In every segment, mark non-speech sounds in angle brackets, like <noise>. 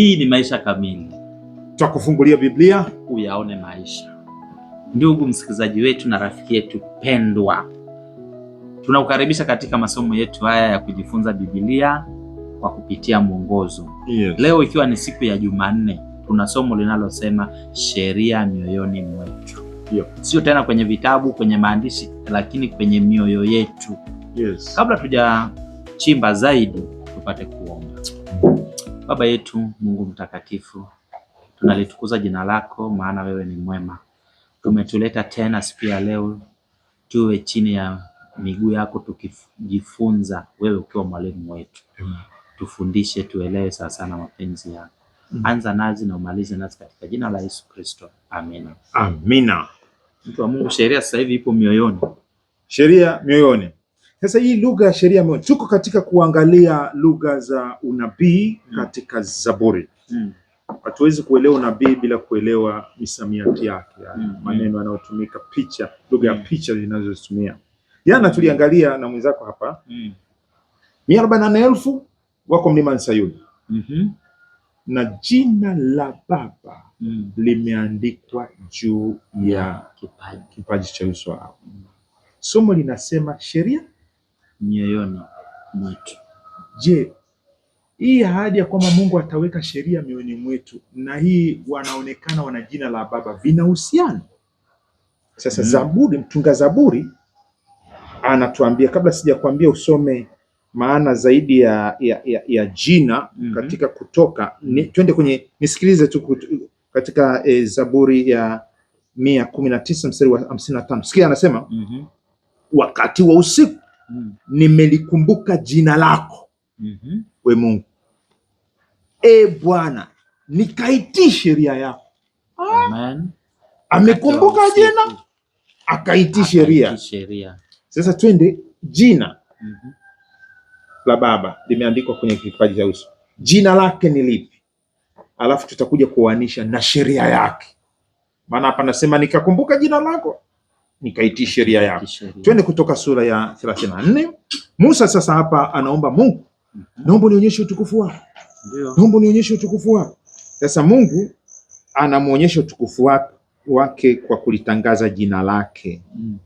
Hii ni Maisha Kamili, twakufungulia Biblia uyaone maisha. Ndugu msikilizaji wetu na rafiki yetu pendwa, tunakukaribisha katika masomo yetu haya ya kujifunza Biblia kwa kupitia mwongozo yes. Leo ikiwa ni siku ya Jumanne, tuna somo linalosema sheria mioyoni mwetu yep. Sio tena kwenye vitabu, kwenye maandishi, lakini kwenye mioyo yetu yes. Kabla tujachimba zaidi, tupate kuomba. Baba yetu Mungu mtakatifu, tunalitukuza jina lako, maana wewe ni mwema. tumetuleta tena siku ya leo tuwe chini ya miguu yako tukijifunza, wewe ukiwa mwalimu wetu. Tufundishe, tuelewe sawa sana mapenzi yako. Mm. Anza nazi na umalize nazi katika jina la Yesu Kristo, amina. Amina. Mtu wa Mungu, sheria sasa hivi ipo mioyoni, sheria mioyoni sasa hii lugha ya sheria, tuko katika kuangalia lugha za unabii mm. katika Zaburi. Mm. Hatuwezi mm. kuelewa unabii bila kuelewa misamiati yake, mm. maneno yanayotumika, picha, lugha ya mm. picha zinazotumia. Jana mm. tuliangalia na mwenzako hapa mm. mia arobaini na nane elfu wako mlima Sayuni mm -hmm. na jina la Baba mm. limeandikwa juu ya kipaji cha uso wao. Somo linasema sheria mioyoni mwetu. Je, hii ahadi ya kwamba Mungu ataweka sheria mioyoni mwetu na hii wanaonekana wana jina la Baba vinahusiana? Sasa hmm. Zaburi, mtunga Zaburi anatuambia kabla sijakwambia usome maana zaidi ya, ya, ya, ya jina mm -hmm. katika Kutoka ni, mm. twende kwenye nisikilize tu katika e, Zaburi ya mia kumi na tisa mstari wa hamsini na tano sikia anasema mm -hmm. wakati wa usiku Mm-hmm. nimelikumbuka jina lako mm -hmm. we Mungu, e Bwana, nikaitii sheria yako. Amekumbuka jina akaitii sheria. Sasa twende jina mm -hmm. la Baba limeandikwa kwenye kipaji cha uso, jina lake ni lipi? Alafu tutakuja kuanisha na sheria yake, maana hapa nasema nikakumbuka jina lako nikaitii sheria yako. Twende kutoka sura ya 34. Musa sasa hapa anaomba Mungu, mhm. naomba nionyeshe utukufu wako, naomba nionyeshe utukufu wako. Sasa Mungu anamwonyesha utukufu wake kwa kulitangaza jina lake.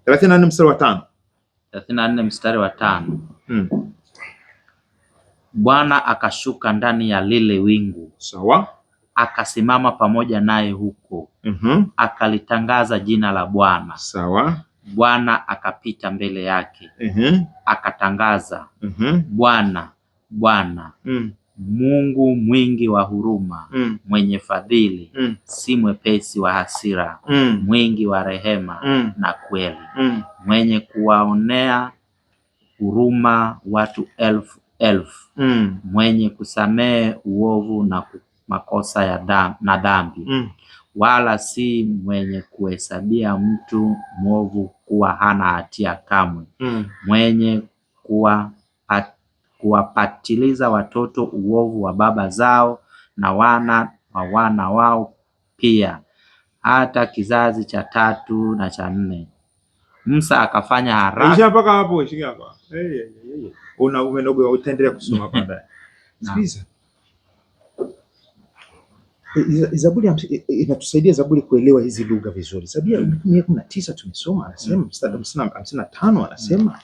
34 mm. mstari wa 5. 34 mstari wa 5. Mm. Bwana akashuka ndani ya lile wingu. Sawa? akasimama pamoja naye huko mm -hmm. akalitangaza jina la Bwana. Sawa. Bwana akapita mbele yake mm -hmm. akatangaza mm -hmm. Bwana, Bwana mm. Mungu mwingi wa huruma mm. mwenye fadhili mm. si mwepesi wa hasira mm. mwingi wa rehema mm. na kweli mm. mwenye kuwaonea huruma watu elfu elfu mm. mwenye kusamehe uovu na ku makosa ya dham, na dhambi mm. wala si mwenye kuhesabia mtu mwovu kuwa hana hatia kamwe mm. mwenye kuwa pat, kuwapatiliza watoto uovu wa baba zao na wana wa wana wao pia hata kizazi cha tatu na cha nne. Musa akafanya haraka mpaka hapo. Una Utaendelea kusoma <laughs> baadaye. Sikiza. Zaburi inatusaidia Zaburi kuelewa hizi lugha vizuri. Zaburi ya mm. mia kumi na tisa tumesoma, anasema mm. mstari hamsini na tano anasema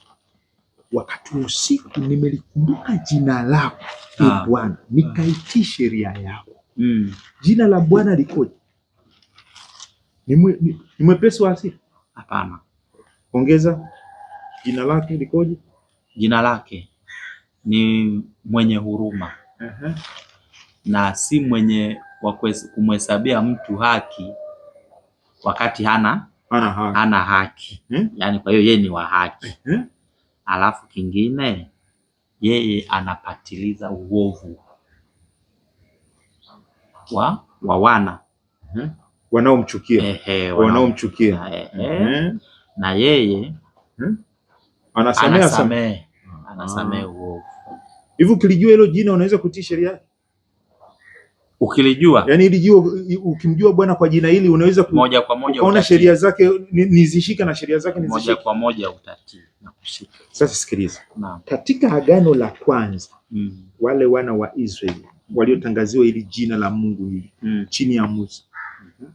wakati usiku nimelikumbuka jina lako e ah. Bwana, ah. nikaitii sheria yako. Mm. Jina la Bwana likoje? Ni mwepesi wa asili? Hapana. Ongeza jina lake likoje? Jina lake ni mwenye huruma. Uh -huh. Na si mwenye wa kumhesabia mtu haki wakati hana hana haki, hana haki. Hmm? Eh? Yani kwa hiyo yeye ni wa haki hmm? Alafu kingine yeye anapatiliza uovu wa wa wana hmm? wanaomchukia ehe, wanaomchukia wana hmm? na yeye hmm? anasamehe anasamehe ah. uovu. Hivi ukilijua hilo jina unaweza kutii sheria yake ukilijua yani hili jua, ukimjua Bwana kwa jina hili unaweza ku... moja kwa moja ukaona sheria zake nizishika na sheria zake nizishika moja kwa moja utatii na kushika. Sasa sikiliza, katika agano la kwanza mm. wale wana wa Israeli waliotangaziwa ili jina la Mungu hili mm. chini ya Musa mm -hmm.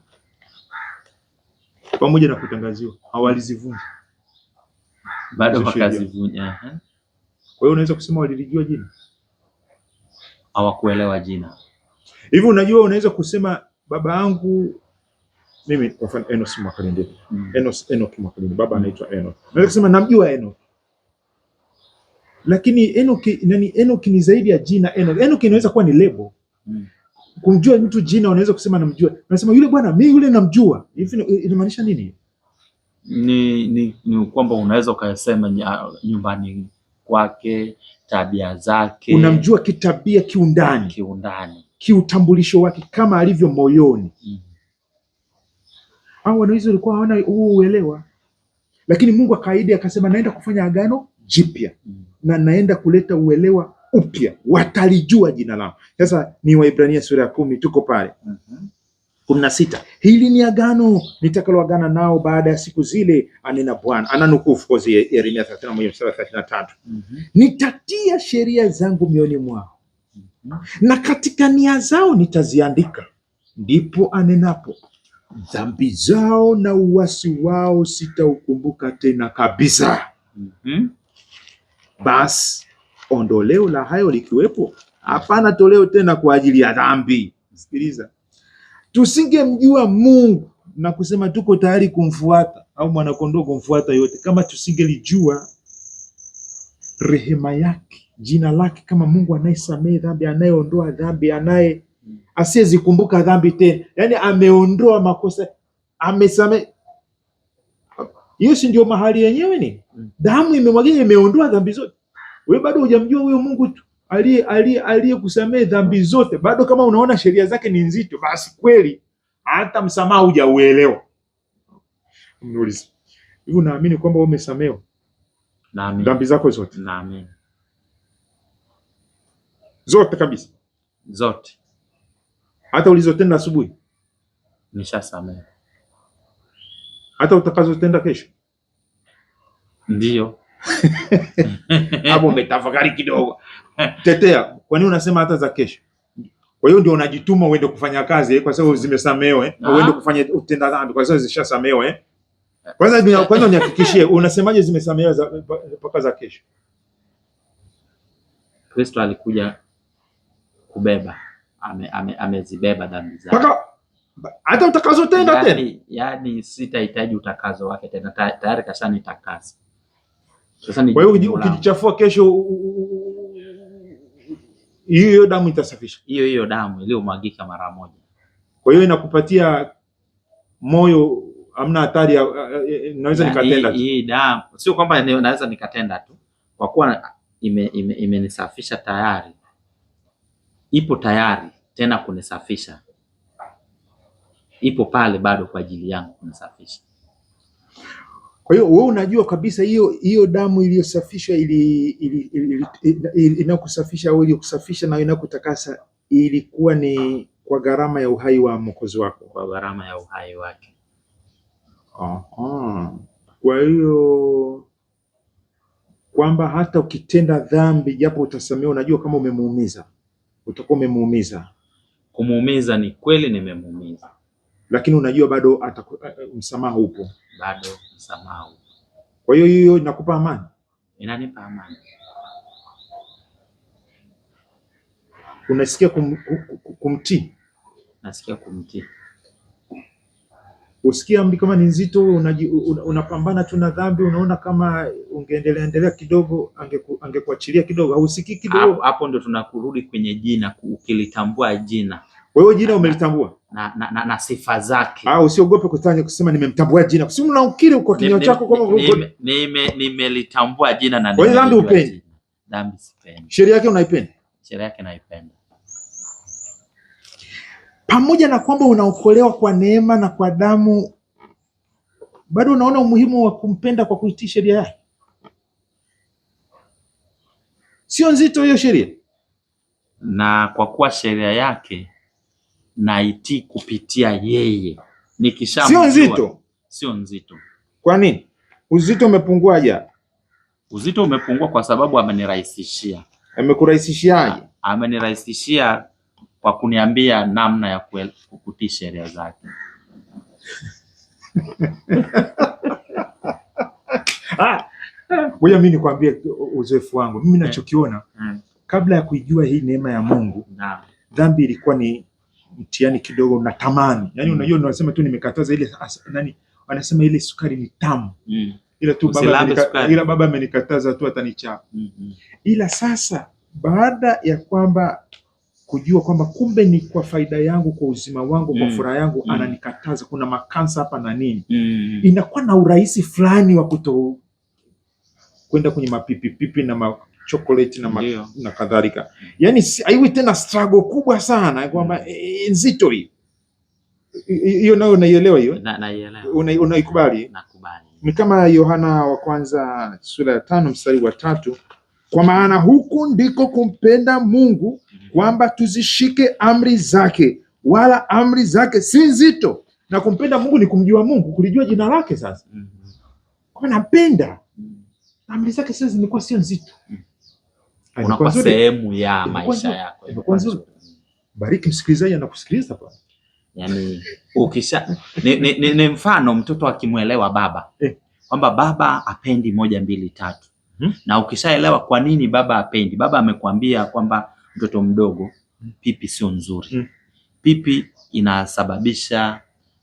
pamoja na kutangaziwa hawalizivunja bado wakazivunja. Kwa hiyo unaweza kusema walilijua jina, hawakuelewa jina Hivi unajua unaweza kusema baba yangu mimi Enos Makalinde mm. Enos Enoch Makalinde Baba anaitwa mm. Enos, Naweza kusema namjua Enos Lakini Enoch nani Enoch ni zaidi ya jina Enoch. Enoch inaweza kuwa ni lebo. Mm. Kumjua mtu jina unaweza kusema namjua. Unasema yule bwana mimi yule namjua. Hivi inamaanisha nini? Ni ni, ni kwamba unaweza ukasema nyumbani kwake, tabia zake. Unamjua kitabia kiundani. Kiundani kiutambulisho wake kama alivyo moyoni. mm mm-hmm. -hmm. Au wanaweza walikuwa hawana huo uelewa, lakini Mungu akaahidi akasema, naenda kufanya agano jipya mm -hmm. na naenda kuleta uelewa upya, watalijua jina langu. Sasa ni Waibrania sura ya kumi, tuko pale mm -hmm. kumi na sita. Hili ni agano nitakaloagana nao baada ya siku zile, anena Bwana. Ananukuu of course Yeremia 31 mm -hmm. nitatia sheria zangu mioni mwao na katika nia zao nitaziandika. Ndipo anenapo, dhambi zao na uasi wao sitaukumbuka tena kabisa. mm -hmm. Basi ondoleo la hayo likiwepo, hapana toleo tena kwa ajili ya dhambi. Sikiliza, tusingemjua Mungu na kusema tuko tayari kumfuata au mwanakondoo kumfuata yote, kama tusingelijua rehema yake jina lake kama Mungu anayesamehe dhambi, anayeondoa dhambi, anaye asiyezikumbuka dhambi tena, yaani ameondoa makosa, amesamehe. Hiyo si ndio mahali yenyewe? Ni damu imemwagika, imeondoa dhambi zote. Wewe bado hujamjua huyo Mungu tu aliye aliye aliyekusamehe dhambi zote, bado kama unaona sheria zake ni nzito, basi kweli hata msamaha hujauelewa. Mnuliza hivi, unaamini kwamba umesamehewa dhambi zako zote? Naamini zote kabisa zote, hata ulizotenda asubuhi nishasamehe, hata utakazotenda kesho. Ndio <laughs> hapo umetafakari kidogo, tetea. Kwa nini unasema hata za kesho? Kwa hiyo ndio unajituma uende kufanya kazi eh, kwa sababu zimesamehewe, eh, uende kufanya utenda dhambi kwa sababu zishasamehewe. Eh. Kwanza kwanza unihakikishie, <laughs> unasemaje zimesamehewe mpaka za kesho? Kristo alikuja kubeba ame, ame, amezibeba dhambi zake hata utakazotenda yani, tena yani sitahitaji utakazo wake tena, tayari kashanitakasa. Sasa ni kwa hiyo ukijichafua kesho, hiyo hiyo damu itasafisha, hiyo hiyo damu iliyomwagika mara moja. Kwa hiyo inakupatia moyo, amna hatari, naweza nikatenda tu hii damu. Sio kwamba naweza nikatenda tu, kwa kuwa imenisafisha ime, ime tayari ipo tayari tena kunisafisha, ipo pale bado kwa ajili yangu kunisafisha. Kwa hiyo wewe unajua kabisa hiyo hiyo damu iliyosafishwa ili, ili, ili, ili, ili, au iliyokusafisha na inakutakasa ilikuwa ni kwa gharama ya uhai wa mwokozi wako, kwa gharama ya uhai wake. Aha. Kwa hiyo kwamba hata ukitenda dhambi japo utasamehewa, unajua kama umemuumiza utakuwa umemuumiza. Kumuumiza ni kweli, nimemuumiza, lakini unajua bado eh, eh, msamaha upo, bado msamaha upo. Kwa hiyo hiyo inakupa amani, inanipa amani. Unasikia kum, kum, kumtii? Nasikia kumtii usikia mli kama ni nzito, unapambana tu na dhambi, unaona kama ungeendelea endelea kidogo, angekuachilia ange kidogo, hausikii kidogo. Hapo ndio tunakurudi kwenye jina, ukilitambua jina. kwa hiyo jina umelitambua na, na, na, na sifa zake. Ah, usiogope kutanya kusema nimemtambua jina, kwa sababu unaukiri kwa kinywa chako kama nimelitambua jina na dhambi upendi. Dhambi sipendi. Sheria yake unaipenda? Sheria yake naipenda pamoja na kwamba unaokolewa kwa neema na kwa damu, bado unaona umuhimu wa kumpenda kwa kuitii sheria yake. Sio nzito hiyo sheria? Na kwa kuwa sheria yake naitii kupitia yeye, nikisha sio nzito, sio nzito. Kwa nini uzito ja Uzito umepungua kwa sababu amenirahisishia. Amekurahisishiaje? Amenirahisishia kwa kuniambia namna ya kukutii sheria zake. Wewe <laughs> ah! mimi nikwambie uzoefu wangu mimi nachokiona hmm. kabla ya kuijua hii neema ya Mungu na dhambi ilikuwa ni mtihani kidogo na tamani, yaani hmm. unajua, unasema tu nimekataza ile nani, wanasema ile sukari ni tamu mm. ila tu baba ila baba amenikataza tu atanichapa mm -hmm. ila sasa baada ya kwamba kujua kwamba kumbe ni kwa faida yangu, kwa uzima wangu, kwa mm. furaha yangu, mm. ananikataza kuna makansa hapa na nini, mm. inakuwa na urahisi fulani wa kuto kwenda kwenye mapipipipi na ma chocolate na, ma yeah. na kadhalika, yani haiwi tena struggle kubwa sana kwamba mm. Eh, eh, nzito hii hiyo nayo unaielewa, hiyo unaikubali. Nakubali. Ni kama Yohana wa kwanza sura ya tano mstari wa tatu, kwa maana huku ndiko kumpenda Mungu kwamba tuzishike amri zake, wala amri zake si nzito. Na kumpenda Mungu ni kumjua Mungu, kulijua jina lake. Sasa mm-hmm. kwa napenda amri zake, sio zimekuwa sio nzito, unakuwa sehemu ya maisha yako. Bariki msikilizaji anakusikiliza Yani, ukisha ni, ni, ni, ni mfano mtoto akimwelewa baba eh, kwamba baba apendi moja mbili tatu, hmm? Na ukishaelewa kwa nini baba apendi, baba amekwambia kwamba mtoto mdogo pipi sio nzuri. Mm. Pipi inasababisha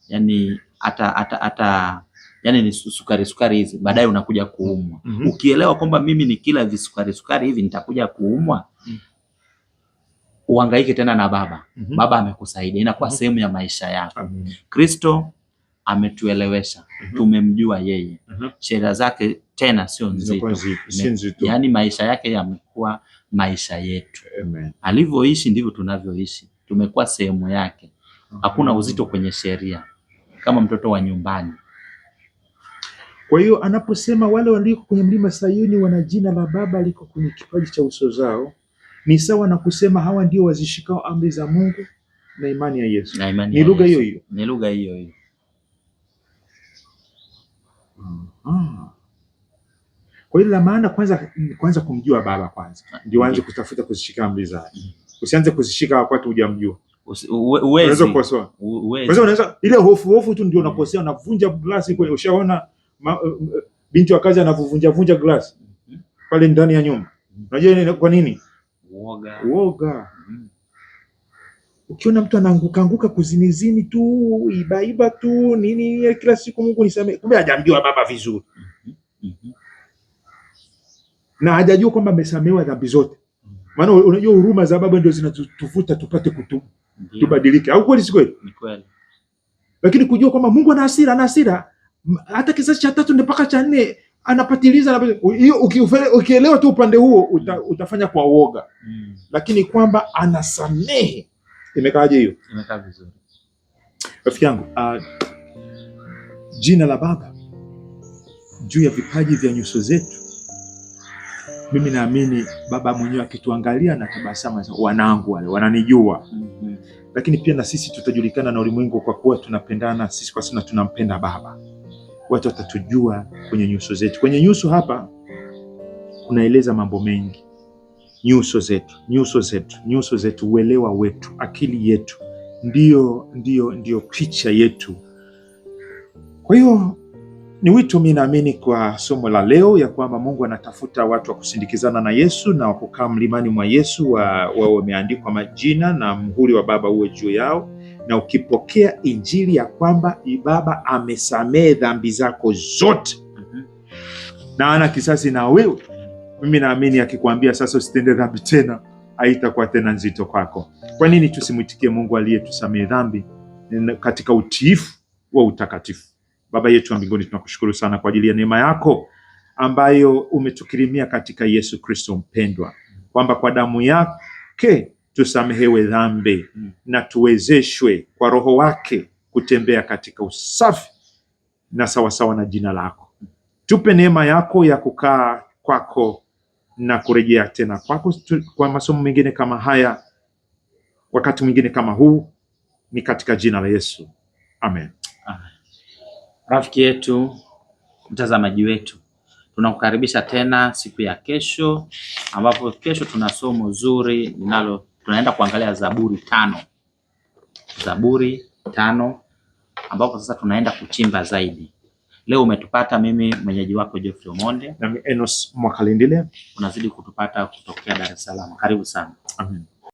yani hata hata hata yani ni sukari sukari hizi, baadaye unakuja kuumwa. mm -hmm. Ukielewa kwamba mimi ni kila visukari sukari hivi nitakuja kuumwa, mm. uhangaike tena na baba. mm -hmm. Baba amekusaidia, inakuwa mm -hmm. sehemu ya maisha yako. Kristo ametuelewesha mm -hmm. Tumemjua yeye mm -hmm. Sheria zake tena sio nzito, yaani maisha yake yamekuwa maisha yetu. Alivyoishi ndivyo tunavyoishi, tumekuwa sehemu yake. Hakuna uzito kwenye sheria, kama mtoto wa nyumbani. Kwa hiyo anaposema wale waliko kwenye mlima Sayuni wana jina la Baba liko kwenye kipaji cha uso zao, ni sawa na kusema hawa ndio wazishikao amri za Mungu na imani ya Yesu. Ni lugha hiyo hiyo, ni lugha hiyo hiyo. Ah. Kwa hiyo la maana kwanza, kwanza kumjua Baba kwanza ndio anze kutafuta kuzishika amri zake, usianze kuzishika wakati hujamjua. Unaweza kukosoa, unaweza ile hofu hofu tu ndio unakosea, unavunja glasi kwenye. Ushaona uh, uh, binti wa kazi anavunja vunja glasi mm-hmm. pale ndani ya nyumba, unajua kwa nini? Uoga, uoga. Ukiona mtu anaanguka anguka kuzinizini tu ibaiba tu nini kila siku, Mungu nisame, kumbe hajamjua baba vizuri mm -hmm. na hajajua kwamba amesamewa dhambi zote. Mm-hmm. Maana unajua huruma za baba ndio zinatuvuta tupate kutubu tubadilike, au kweli si kweli? Ni kweli, lakini kujua kwamba Mungu ana hasira, ana hasira hata kizazi cha tatu ndio mpaka cha nne anapatiliza hiyo. Ukielewa tu upande huo uta, mm. utafanya kwa uoga mm. Lakini kwamba anasamehe Imekaaje hiyo? Imekaa vizuri. Rafiki yangu, uh, jina la Baba juu ya vipaji vya nyuso zetu, mimi naamini Baba mwenyewe akituangalia na tabasamu, wanangu wale wananijua. mm -hmm. Lakini pia na sisi tutajulikana na ulimwengu kwa kuwa tunapendana sisi kwa sana, tunampenda Baba. Watu watatujua kwenye nyuso zetu. Kwenye nyuso hapa kunaeleza mambo mengi nyuso zetu, nyuso zetu, nyuso zetu, uelewa wetu, akili yetu, ndio ndio ndio picha yetu. Kwa hiyo ni wito, mi naamini kwa somo la leo ya kwamba Mungu anatafuta watu wa kusindikizana na Yesu na wakukaa mlimani mwa Yesu, wao wameandikwa majina na mhuri wa Baba uwe juu yao, na ukipokea injili ya kwamba Baba amesamehe dhambi zako zote na mhm. ana kisasi na wewe mimi naamini akikwambia sasa usitende dhambi tena, haitakuwa tena nzito kwako. Kwa nini tusimwitikie Mungu aliyetusamehe dhambi katika utiifu wa utakatifu? Baba yetu wa mbinguni, tunakushukuru sana kwa ajili ya neema yako ambayo umetukirimia katika Yesu Kristo mpendwa, kwamba kwa damu yake tusamehewe dhambi na tuwezeshwe kwa Roho wake kutembea katika usafi na sawasawa na jina lako. Tupe neema yako ya kukaa kwako na kurejea tena kwako kwa masomo mengine kama haya wakati mwingine kama huu, ni katika jina la Yesu amen. Amen. Rafiki yetu, mtazamaji wetu, tunakukaribisha tena siku ya kesho, ambapo kesho tuna somo zuri linalo tunaenda kuangalia Zaburi tano, Zaburi tano, ambapo sasa tunaenda kuchimba zaidi Leo umetupata mimi mwenyeji wako Geoffrey Omonde na Enos Mwakalindile. Unazidi kutupata kutokea Dar es Salaam. Karibu sana. Amen.